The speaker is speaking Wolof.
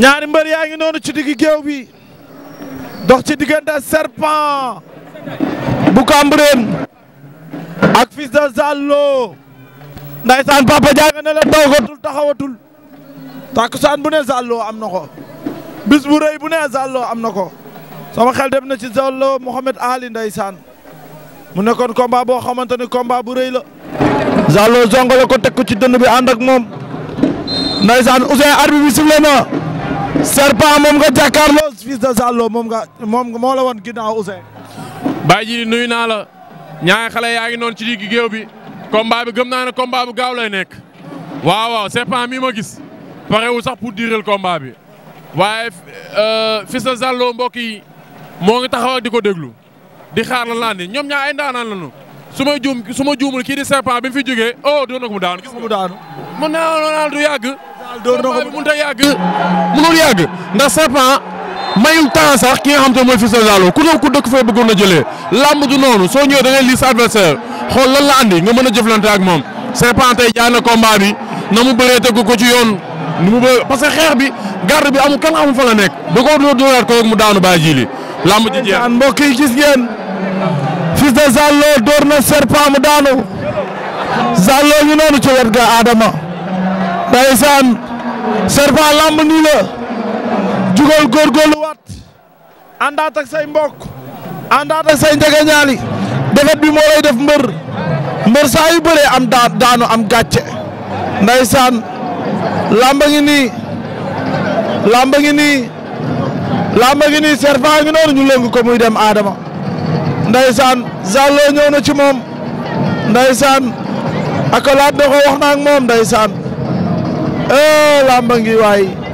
ñaari mbër yaa ngi noonu ci diggi geew bi dox ci diggante serpent bu Cambérène ak fils de Zallo ndaysaan papa jaaga na la toogatul taxawatul takkusaan bu ne Zallo am na ko bis bu rëy bu ne Zallo am na ko sama xel dem na ci Zallo Mohamed Ali ndaysaan mu nekkoon combat boo xamante ni combat bu rëy la Zallo zongale ko teg ko ci dënn bi ànd ak moom ndaysaan Ousseyn arbi bi sifle na Serpent moom nga jàkkaarloo fils de Zallo moom nga moom moo la woon ginnaaw Ousseyn. Baye ji nuyu naa la ñaari xale yaa ngi noonu ci digg géew bi combat bi gëm naa ne combat bu gaaw lay nekk waaw waaw Serpent mi ma gis parewul sax pour diiral combat bi waaye euh, fils de Zallo mbokk yi moo ngi taxaw ak di ko déglu di xaar la laan ñoom ñaa ay ndaanaan lañu su ma juum su ma juumul kii di Serpent bi fi jógee oh doon na ko mu daanu. mu daanu. mu ne du yàgg. door na ko mënut a yàgg mënul yàgg ndax serpent mayul temps sax ki nga xam te mooy Fils de Zalo ku ne ku dëkk fee bëggoon a jëlee làmb du noonu soo ñëwee da ngay lii sa adversaire xool lan la andi nga mën a jëflante ak moom serpent tey jaay na combat bi na mu bëree tegu ko ci yoon ni mu bëree parce xeex bi garde bi amul kenn amul fa la nekk da koo doon dóoraat ko rek mu daanu bàyyi jiili làmb ji jeex mbokk yi gis ngeen Fils de Zalo door na serpent mu daanu Zalo ñu noonu ci Serpent lamb nii la jugal góorgóorluwaat àndaat ak say mbok àndaat ak say njegeñaali defet bi moo lay def mbër mbër saa yu bëree am daanu am gàcce ndaysaan lamba ngi nii lamba ngi nii lamba ngi nii Serpent ngi noonu ñu lëng ko muy dem Adama ndaysaan Zallo ñëw na ci moom ndaysaan akolaat na ko wax na ak moom ndaysaan làmba ngi waay